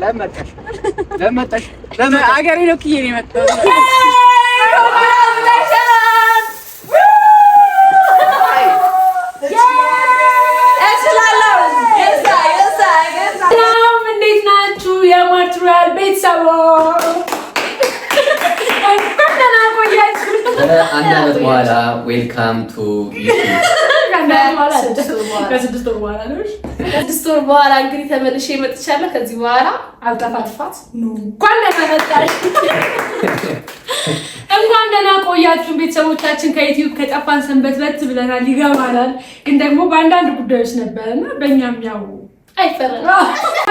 ለመጣሽ ለመጣሽ ለመጣሽ አገሬ ነው ክዬ ነው የመጣው ከአንድ ዓመት በኋላ ዌልካም ቱ ከስድስት ወር በኋላ እንግዲህ ተመልሼ እመጥቻለሁ። ከዚህ በኋላ አልጠፋትፋት እንኳን ለተመጣሽ እንኳን ደህና ቆያችሁን ቤተሰቦቻችን። ከዩቲዩብ ከጠፋን ሰንበትበት ብለናል፣ ይገባናል። ግን ደግሞ በአንዳንድ ጉዳዮች ነበርና በእኛም ያው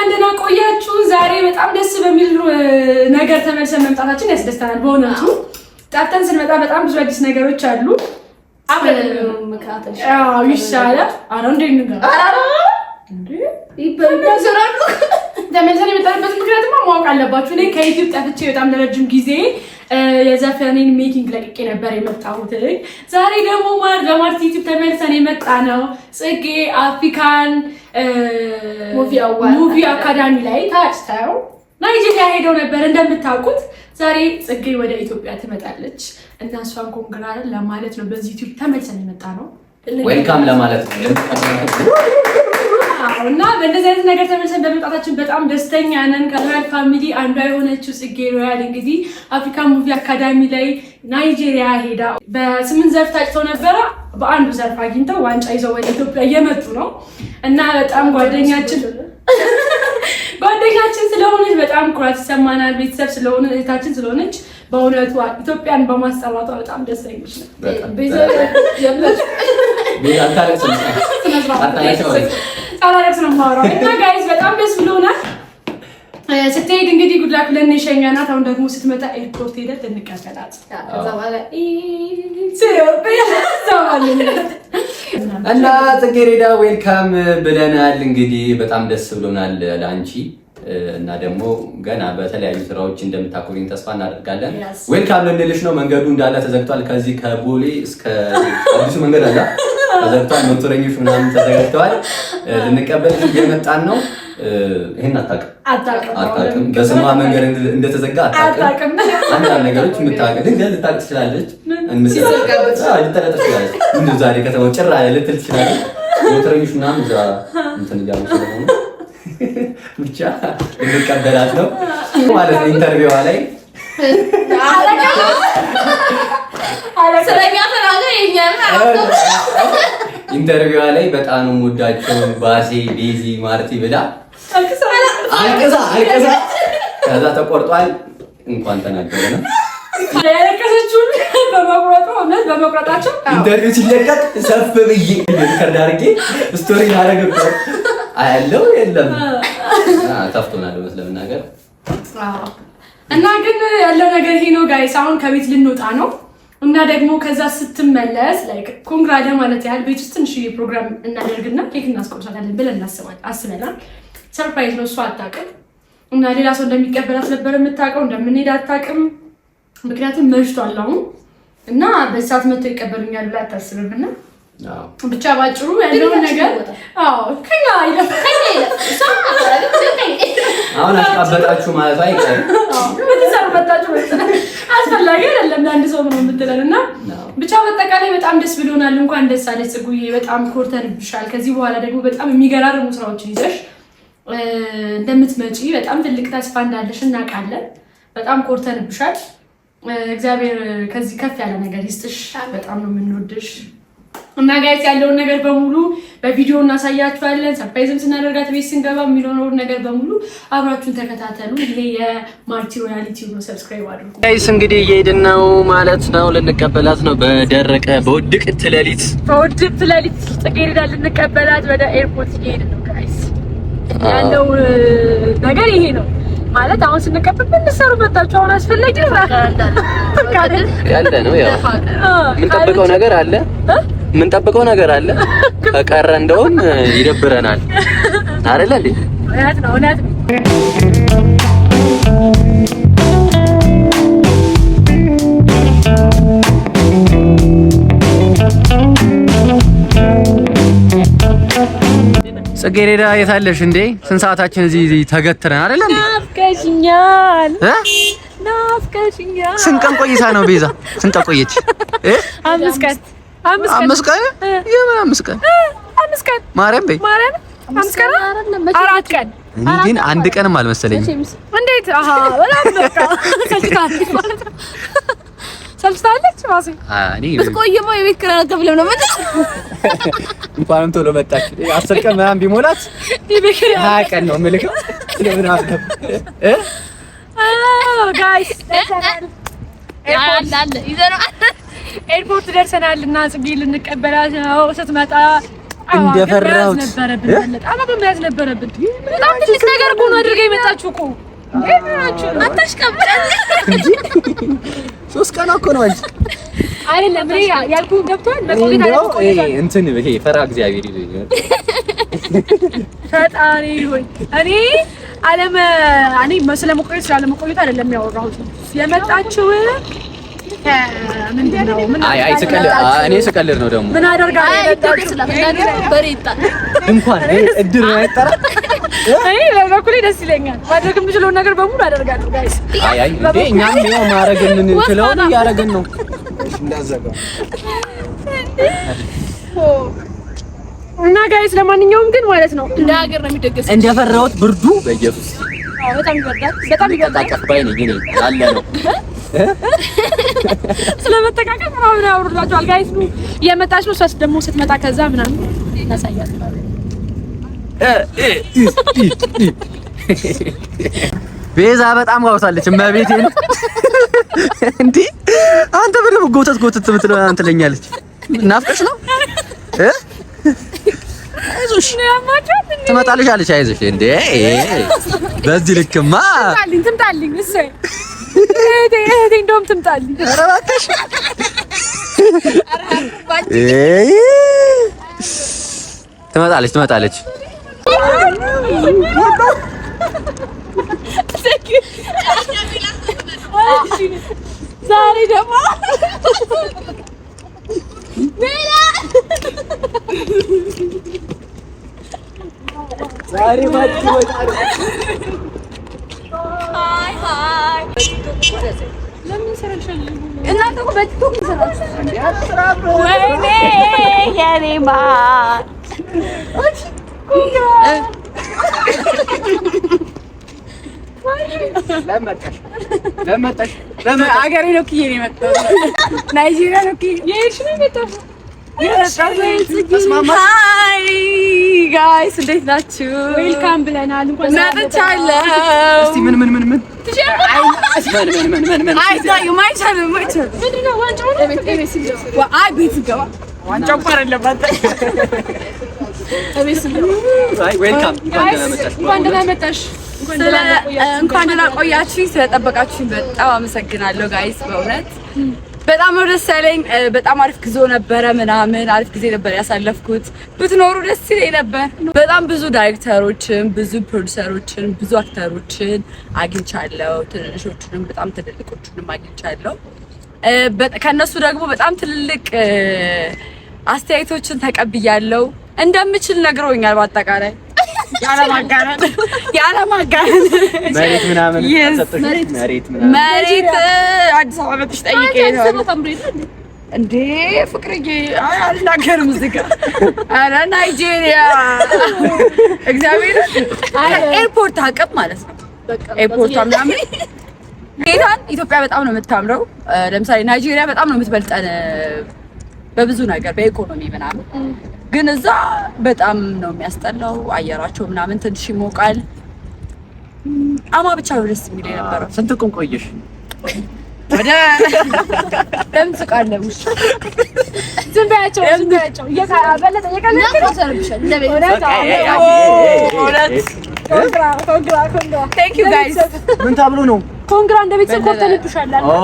አንደና ቆያችሁን። ዛሬ በጣም ደስ በሚል ነገር ተመልሰን መምጣታችን ያስደስተናል በእውነቱ። ጣፍተን ስንመጣ በጣም ብዙ አዲስ ነገሮች አሉ። ይሻላል። ተመልሰን የመጣንበት ምክንያትማ ማወቅ አለባችሁ። እኔ ከዩቲዩብ ጠፍቼ በጣም ለረጅም ጊዜ የዘፈኔን ሜኪንግ ለቅቄ ነበር የመጣሁት። ዛሬ ደግሞ ማር ለማርት ዩቲዩብ ተመልሰን የመጣ ነው። ጽጌ አፍሪካን ሙቪ አካዳሚ ላይ ታጭተው ናይጄሪያ ሄደው ነበር እንደምታውቁት ዛሬ ጽጌ ወደ ኢትዮጵያ ትመጣለች እና እሷን ኮንግራ ለማለት ነው። በዚህ ዩቲዩብ ተመልሰን የመጣ ነው ዌልካም ለማለት ነው እና በእንደዚህ አይነት ነገር ተመልሰን በመምጣታችን በጣም ደስተኛ ነን። ከሮያል ፋሚሊ አንዷ የሆነችው ጽጌ ሮያል እንግዲህ አፍሪካ ሙቪ አካዳሚ ላይ ናይጄሪያ ሄዳ በስምንት ዘርፍ ታጭተው ነበረ። በአንዱ ዘርፍ አግኝተው ዋንጫ ይዘው ወደ ኢትዮጵያ እየመጡ ነው እና በጣም ጓደኛችን ባለቤታችን ስለሆነች በጣም ኩራት ይሰማናል። ቤተሰብ ስለሆነ እህታችን ስለሆነች በእውነቱ ኢትዮጵያን በማሰራቷ በጣም ደስተኞች ነው። ሳላለቅስ እና ጋይዝ በጣም ደስ ብሎናል። ስትሄድ እንግዲህ ጉድላክ ብለን የሸኛናት። አሁን ደግሞ ስትመጣ ኤርፖርት ሄደን ልንቀበላት እና ጽጌሬዳ ዌልካም ብለናል። እንግዲህ በጣም ደስ ብሎናል ለአንቺ እና ደግሞ ገና በተለያዩ ስራዎች እንደምታኮሪኝ ተስፋ እናደርጋለን። ዌልካም ልንልሽ ነው። መንገዱ እንዳለ ተዘግቷል። ከዚህ ከቦሌ እስከ አዲሱ መንገድ አለ ተዘግቷል። ሞተረኞች ምናምን ተዘጋጅተዋል። ልንቀበል እየመጣን ነው። ይህን አታውቅም አታውቅም። በስሟ መንገድ እንደተዘጋ አታውቅም። አንዳንድ ነገሮች የምታውቅ ድንገት ልታውቅ ትችላለች። ልጠረጥ ትችላለች። ዛሬ ከተማው ጭራ ልትል ትችላለች። ሞተረኞች ምናምን እንትን እያሉ ስለሆነ እንቀበላት ነው ማለት ነው። ኢንተርቪዋ ላይ ኢንተርቪዋ ላይ በጣም የምወዳቸው ባሴ፣ ቤዚ፣ ማርቲ ብላ አልቅሳ አልቅሳ ከዛ ተቆርጧል። እንኳን ተናገረ ነው ያለቀሰችውን በመቁረጡ እውነት በመቁረጣቸው ኢንተርቪው ሲለቀቅ ሰፍ ብዬ ከርዳርጌ ስቶሪ ያደረግበት አያለው የለም ታፍቶናል እውነት ለመናገር እና ግን ያለው ነገር ይሄ ነው ጋይስ። አሁን ከቤት ልንወጣ ነው እና ደግሞ ከዛ ስትመለስ ላይክ ኮንግራደ ማለት ያህል ቤት ውስጥ ትንሽዬ ፕሮግራም እናደርግና ኬክ እናስቆርሳታለን ብለን አስበናል። ሰርፕራይዝ ነው እሷ አታውቅም። እና ሌላ ሰው እንደሚቀበላት ነበር የምታውቀው፣ እንደምንሄድ አታውቅም። ምክንያቱም መሽቷል አሁን እና በሰዓት መጥቶ ይቀበሉኛል ብላ አታስብምና ብቻ ባጭሩ ያለውን ነገር አሁን ማለት አይቀርም። አስፈላጊ አይደለም ለአንድ ሰው ነው የምትለን እና ብቻ በአጠቃላይ በጣም ደስ ብሎናል። እንኳን ደስ አለሽ ጽጉዬ፣ በጣም ኮርተንብሻል። ከዚህ በኋላ ደግሞ በጣም የሚገራርሙ ስራዎችን ይዘሽ እንደምትመጪ በጣም ትልቅ ተስፋ እንዳለሽ እናውቃለን። በጣም ኮርተንብሻል። እግዚአብሔር ከዚህ ከፍ ያለ ነገር ይስጥሽ። በጣም ነው የምንወድሽ። እና ጋይስ ያለውን ነገር በሙሉ በቪዲዮ እናሳያችኋለን። ሰርፕራይዝም ስናደርጋት ቤት ስንገባ የሚኖረውን ነገር በሙሉ አብራችሁን ተከታተሉ። ይሄ የማርቲ ሮያሊቲ ነው። ሰብስክራይብ አድርጉ ጋይስ። እንግዲህ እየሄድን ነው ማለት ነው። ልንቀበላት ነው በደረቀ በውድቅት ሌሊት፣ በውድቅት ሌሊት ጽጌረዳ ልንቀበላት ወደ ኤርፖርት እየሄድን ነው ጋይስ። ያለው ነገር ይሄ ነው ማለት አሁን ስንቀበል ምንሰሩ ልትሰሩ መጣችሁ? አሁን አስፈላጊ ነው ያለ ነው። ያው የምንጠብቀው ነገር አለ ምን የምንጠብቀው ነገር አለ። ከቀረ እንደውም ይደብረናል አይደል እንዴ? እውነት ነው፣ እውነት ነው። ጽጌሬዳ የታለሽ እንዴ? ስንት ሰዓታችን እዚህ ተገትረን አይደል እንዴ? ናፍቀሽኛል እ ናፍቀሽኛል ስንት ቀን ቆይታ ነው ቤዛ? ስንት ቆየች? አምስት ቀን አምስት ቀን የምን አምስት ቀን አምስት ቀን ማርያም በይ ማርያም ግን አንድ ቀንም አልመሰለኝም። የቤት ኪራይ አልከፍልም እንኳንም ቶሎ መጣች። አስር ቀን ምናምን ቢሞላት ሀያ ቀን ነው የምልከው ኤርፖርት ደርሰናል እና ጽጌ ልንቀበላት ነው። ስትመጣ እንደፈራሁት ነበረብን። በጣም ነበረብን። በጣም ትልቅ ነገር እኮ ነው አድርገህ የመጣችሁ እኮ ሶስት ቀን እኮ ነው አይደለም ያልኩህን ገብቶሃል። እንትን ይሄ ፈራ እግዚአብሔር ፈጣሪ ሆይ እኔ አለመ እኔ ስለመቆየት ስላለመቆየት አይደለም ያወራሁት የመጣችሁ አይ እኔ ስቀልድ ነው ደግሞ ምን አደርጋለሁ እንኳን እድር በበኩሌ ደስ ይለኛል ማድረግ የምችለውን ነገር በሙሉ አደርጋለሁ አይ አይ እኛም ነው ማድረግ የምንችለውን እያደረግን ነው እና ጋይስ ለማንኛውም ግን ማለት ነው እንደ ሀገር ነው የሚደገሰው እንደፈራሁት ብርዱ በኢየሱስ በጣም ይበርዳል በጣም ይበርዳል ስለመጠቃቀም ምናምን ያወሩላችኋል። ጋይስ እየመጣች ነው። እሷስ ደግሞ ስትመጣ ከዛ ምናምን እናሳያለን። ቤዛ በጣም ጋውሳለች። እመቤቴን እንዲህ አንተ በደምብ ጎተት ጎተት ምትለው አንተ ለኛለች። ናፍቀሽ ነው አይዞሽ ትመጣልሽ አለች። አይዞሽ እንዴ በዚህ ልክማ ትምጣልኝ ትምጣልኝ እሰይ እህቴ እንደውም ትምጣልኝ። ኧረ እባክሽ ትመጣለች ትመጣለች። ዛሬ ደግሞ ዛሬ ሃይ ሃይ ለምን ሰራልሻል? እናንተ እኮ በቲክቶክ ይሰራችሁ። ወይኔ የኔ ማን ለመጣሽ ለመጣሽ አገሬ ነው እኮ ናይጄሪያ ነው እኮ የሄድሽ ነው የመጣሽው ሃይ ጋይስ እንዴት ናችሁ? ዌልካም ብለናል። ምን ምን ምን ምን እንኳን ደህና ቆያችሁኝ። ስለጠበቃችሁኝ በጣም አመሰግናለሁ ጋይስ በእውነት በጣም ነው ደስ ያለኝ። በጣም አሪፍ ጊዜ ነበረ ምናምን አሪፍ ጊዜ ነበር ያሳለፍኩት። ብትኖሩ ደስ ይለኝ ነበር። በጣም ብዙ ዳይሬክተሮችን፣ ብዙ ፕሮዲሰሮችን፣ ብዙ አክተሮችን አግኝቻለሁ። ትንንሾቹንም በጣም ትልልቆቹንም አግኝቻለሁ። ከእነሱ ደግሞ በጣም ትልልቅ አስተያየቶችን ተቀብያለሁ። እንደምችል ነግረውኛል በአጠቃላይ ያለማጋነን መሬት ምናምን መሬት መሬት አዲስ አበባ መጥሽ ጠይቄ እንዴ ፍቅርዬ፣ አልናገርም እዚህ ጋር። ኧረ ናይጄሪያ እግዚአብሔር ኤርፖርት አቅም ማለት ነው። ኤርፖርቷ ምናምን ጌታን ኢትዮጵያ በጣም ነው የምታምረው። ለምሳሌ ናይጄሪያ በጣም ነው የምትበልጠን በብዙ ነገር በኢኮኖሚ ምናምን ግን እዛ በጣም ነው የሚያስጠላው። አየራቸው ምናምን ትንሽ ይሞቃል። አማ ብቻ ነው ደስ የሚል የነበረው። ስንት ቁም ቆየሽ? ወደ ለምን ትቃለሙ? ዝም በያቸው፣ ዝም በያቸው። እየካበለጠ እየቀለጠ ተሰርብሻል። ምን ተብሎ ነው ኮንግራ እንደ ቤተሰብ ኮርተንብሻል አለ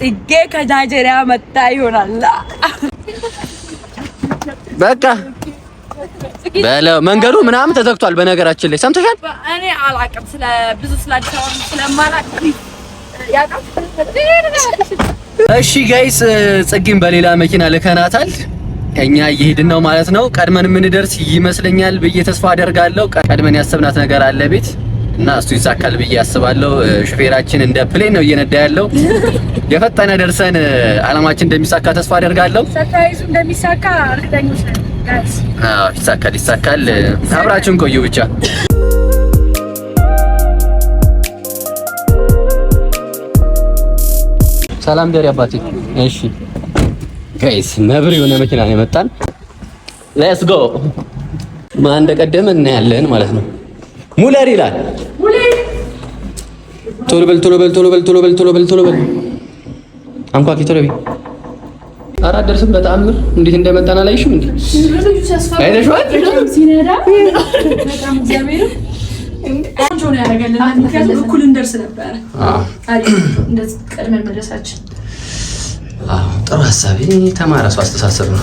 ጽጌ ከጃጀሪያ መጣ ይሆናል። በቃ በለው መንገዱ ምናምን ተዘግቷል። በነገራችን ላይ ሰምተሻል። እኔ አላውቅም ስለ ብዙ እሺ ጋይስ ጽጌን በሌላ መኪና ልከናታል። እኛ እየሄድን ነው ማለት ነው። ቀድመን የምንደርስ ይመስለኛል ብዬ ተስፋ አደርጋለሁ። ቀድመን ያሰብናት ነገር አለ ቤት እና እሱ ይሳካል ብዬ አስባለሁ። ሹፌራችን እንደ ፕሌን ነው እየነዳ ያለው። የፈጠነ ደርሰን አላማችን እንደሚሳካ ተስፋ አደርጋለሁ። ሰርፕራይዙ እንደሚሳካ እርግጠኞች ነን። አዎ ይሳካል፣ ይሳካል። አብራችሁን ቆዩ ብቻ ሰላም ደሪ አባቴ። እሺ ጋይስ ነብር የሆነ መኪና ነው የመጣን። ሌትስ ጎ ማን እንደቀደመ እናያለን ማለት ነው። ሙለር ይላል። ቶሎ በል ቶሎ በል ቶሎ በል ቶሎ በል ቶሎ በል ቶሎ በል አንኳኪ ቶሎ በይ። ኧረ አትደርስም። እንዴት እንደመጣና ላይሽም እንዴ አይተሽዋል። እኩል እንደርስ ቀድመን ጥሩ ሀሳብ ተማራ። ሰው አስተሳሰብ ነው።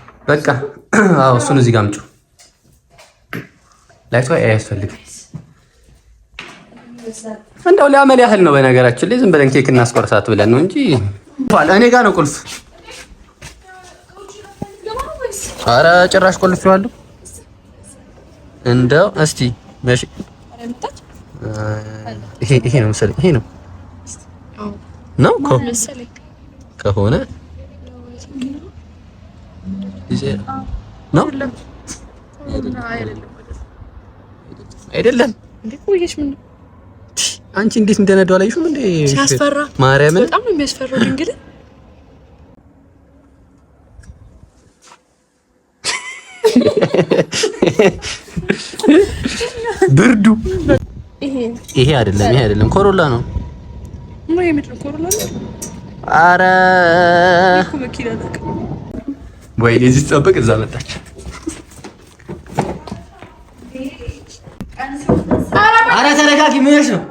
በቃ አዎ፣ እሱን እዚህ ጋር አምጪው። ላይቷ አያስፈልግም። እንደው ለአመል ያህል ነው። በነገራችን ላይ ዝም ብለን ኬክ እናስቆርሳት ብለን ነው እንጂ እኔ ጋር ነው ቁልፍ። አረ ጭራሽ ቁልፍ ይዋሉ። እንደው እስቲ መሽ ይሄ ነው መሰለኝ። ይሄ ነው ነው ከሆነ ነው አይደለም? አንቺ እንዴት እንደነዳው አላየሽም እንዴ? ሲያስፈራ ማርያምን፣ በጣም ነው የሚያስፈራው። እንግዲህ ብርዱ ይሄ አይደለም፣ ይሄ አይደለም፣ ኮሮላ ነው። ኧረ Voi esistono perché sono attacci. አረ ተረጋጊ፣ ምን ሆነሽ ነው?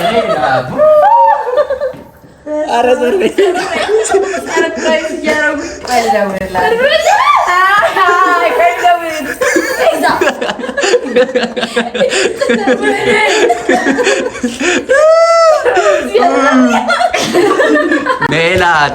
Yeah! ሜላት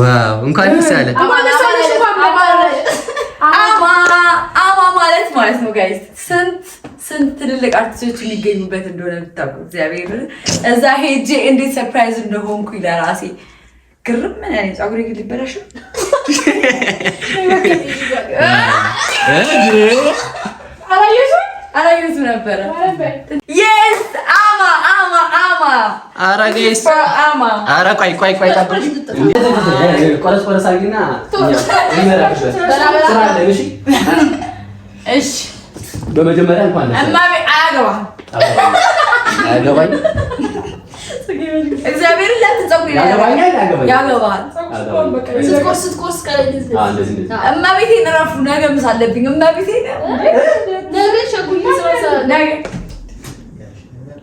ዋው እንኳን ደስ ያለ አማ ማለት ማለት ነው ጋይስ ስንት ስንት ትልልቅ አርቲስቶች የሚገኙበት እንደሆነ ብታውቁ እግዚአብሔር እዛ ሄጄ እንዴት ሰርፕራይዝ እንደሆንኩኝ ለራሴ ግርም ምን አይነት ፀጉሬ ግን ሊበላሽ አላየሁትም ነበረ ኧረ ቆይ ቆይ ቆይ ቆረስ ቆረስ አድርጊና በመጀመሪያ እንኳን አያገባኝ እግዚአብሔር ላትጸጉ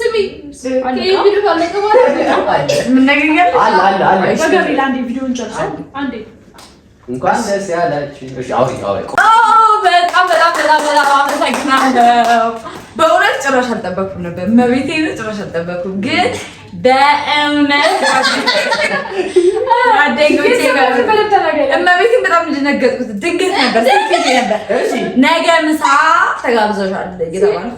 ስሚ እንኳን ደስ ያላችሁ። በጣም በጣም በጣም በጣም አመሰግናለሁ። በእውነት ጭራሽ አልጠበኩም ነበር። መቤቴ ጭራሽ አልጠበኩም፣ ግን በእውነት እመቤቴን በጣም እንደነገጥኩት ድንገት ነበር ነበር። ነገ ምሳ ተጋብዘሻል እየተባልኩ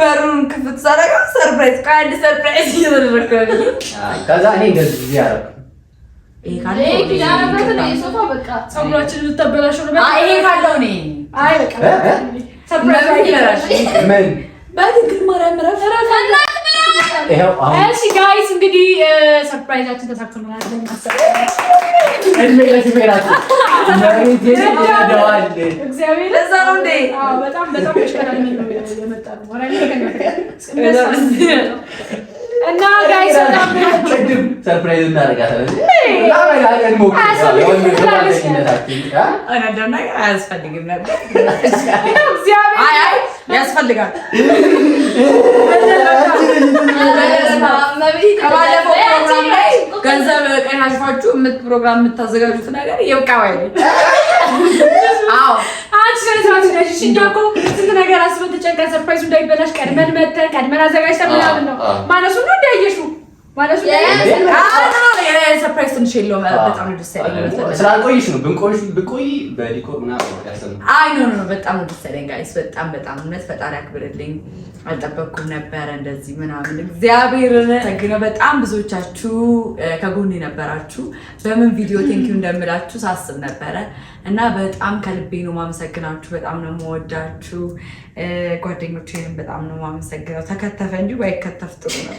በሩን ክፍት ሳደርግ ሰርፕራይዝ ከአንድ ሰርፕራይዝ እየተደረገ ከዛ እኔ እንደዚህ ጊዜ አረ ይሄ ካለው ጋይስ እንግዲህ ሰርፕራይዛችን ተሳክቶልናል። እና ጋይስ አያስፈልግም ነበር ያስፈልጋል። ገንዘብ ቀን ፕሮግራም የምታዘጋጁት ነገር የብቃ እኛ እኮ ስንት ነገር አስበን ተጨንቀን ሰርፕራይዙ እንዳይበላሽ ቀድመን መተን ቀድመን አዘጋጅተን ምናምን ነው ማለሱ ነው እንዳየሽው ሰርፕራይዝ ትንሽ የለውም። በጣም ነው ደስ ያለኝ ስላልቆይሽ ነው። ብንቆይሽ ብቆይ በዲኮር አይ በጣም እውነት ፈጣሪ ያክብርልኝ። አልጠበቅኩም ነበረ እንደዚህ ምናምን። እግዚአብሔርን ተግነው በጣም ብዙዎቻችሁ ከጎን የነበራችሁ በምን ቪዲዮ ቴንኪው እንደምላችሁ ሳስብ ነበረ እና በጣም ከልቤ ነው ማመሰግናችሁ። በጣም ነው የምወዳችሁ። ጓደኞቼንም በጣም ነው ማመሰግነው። ተከተፈ እንጂ ባይከተፍ ጥሩ ነው።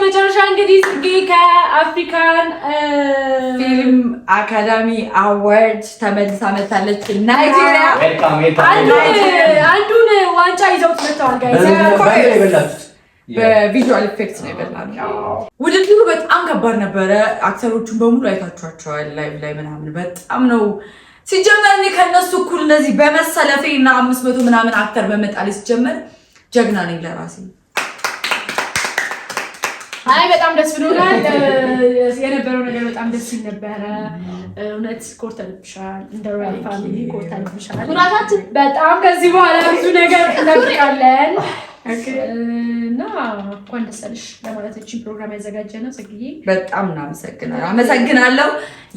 በመጨረሻ እንግዲህ ጽጌ ከአፍሪካን ፊልም አካዳሚ አዋርድ ተመልሳ መታለች። ናይጄሪያ አንዱን ዋንጫ ይዘው ትመጥተዋል። በቪዥዋል ኢፌክት ነው የበላነው። ውድድሩ በጣም ከባድ ነበረ። አክተሮቹን በሙሉ አይታችኋቸዋል ላይቭ ላይ ምናምን በጣም ነው ሲጀመር እኔ ከእነሱ እኩል እንደዚህ በመሰለፌ እና አምስት መቶ ምናምን አክተር በመጣሌ ሲጀመር ጀግና ነኝ ለራሴ አይ በጣም ደስ ብሎናል። የነበረው ነገር በጣም ደስ ይል ነበረ። እውነት ኮርተንብሻል፣ እንደ ሮያል ፋሚሊ ኮርተንብሻል። ኩራታችን በጣም ከዚህ በኋላ ብዙ ነገር እንጠብቃለን እና እንኳን ደስ አለሽ ለማለት ፕሮግራም ያዘጋጀ ነው ጽጌዬ። በጣም እናመሰግናለሁ። አመሰግናለሁ።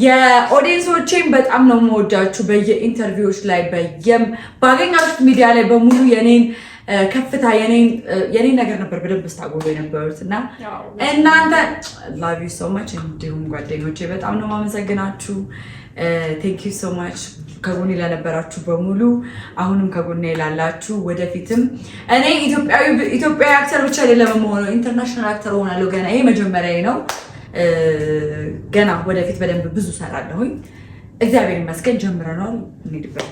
የኦዲየንሶቼን በጣም ነው የምወዳችሁ። በየኢንተርቪዎች ላይ በየም ባገኛችሁት ሚዲያ ላይ በሙሉ የኔን ከፍታ የኔን ነገር ነበር በደንብ ስታጎሉ የነበሩት እና እናንተ ላቭ ዩ ሶ ማች። እንዲሁም ጓደኞቼ በጣም ነው ማመሰግናችሁ። ቴንክ ዩ ሶ ማች ከጎኔ ለነበራችሁ በሙሉ አሁንም ከጎኔ ላላችሁ ወደፊትም እኔ ኢትዮጵያዊ አክተር ብቻ አይደለም የምሆነው ኢንተርናሽናል አክተር ሆናለሁ። ገና ይሄ መጀመሪያ ነው። ገና ወደፊት በደንብ ብዙ ሰራለሁኝ። እግዚአብሔር ይመስገን ጀምረነዋል። እንሄድበት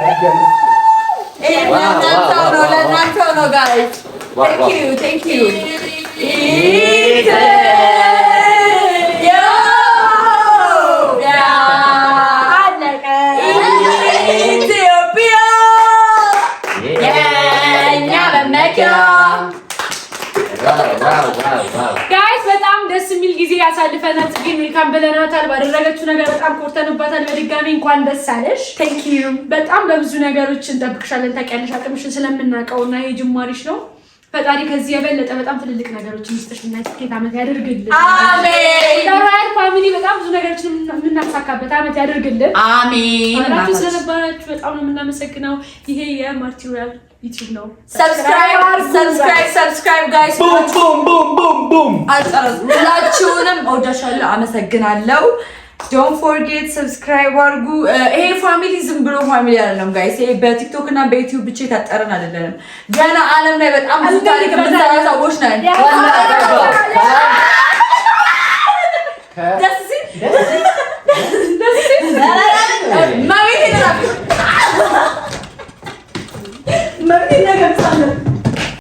Thank you. Hey, wow, guys. thank you, thank you. አሳልፈናል። ጽጌን ዌልካም ብለናታል። ባደረገችው ነገር በጣም ኮርተንባታል። በድጋሚ እንኳን ደስ አለሽ። ቴንክ ዩ። በጣም በብዙ ነገሮች እንጠብቅሻለን። ታውቂያለሽ፣ አቅምሽን ስለምናውቀው እና ይሄ ጅማሪሽ ነው። ፈጣሪ ከዚህ የበለጠ በጣም ትልልቅ ነገሮችን ሚስጥሽ እና ስኬት አመት ያደርግልን። አሜን። ሮያል ፋሚሊ በጣም ብዙ ነገሮችን የሚሳካበት አመት ያደርግልን። አሜን። አብራችሁ ስለነበራችሁ በጣም ነው የምናመሰግነው። ይሄ የማርቲሪያል ዩቲዩብ ነው። ሰብስክራይብ ሰብስክራይብ ሰብስክራይብ ጋይስ። ቡም ቡም ቡም ቡም ቡም። አልጸረዝ ሁላችሁንም እወዳችኋለሁ። አመሰግናለሁ። ዶንት ፎርጌት ሰብስክራይብ አድርጉ። ይሄ ፋሚሊ ዝም ብሎ ፋሚሊ አይደለም ጋይስ። ይሄ በቲክቶክ እና በዩቲዩብ ብቻ የታጠርን አይደለም። ገና ዓለም ላይ በጣም ብዙ ታሪክ የምንሰራ ሰዎች ነን። ደስ ሲል መቤት ነገር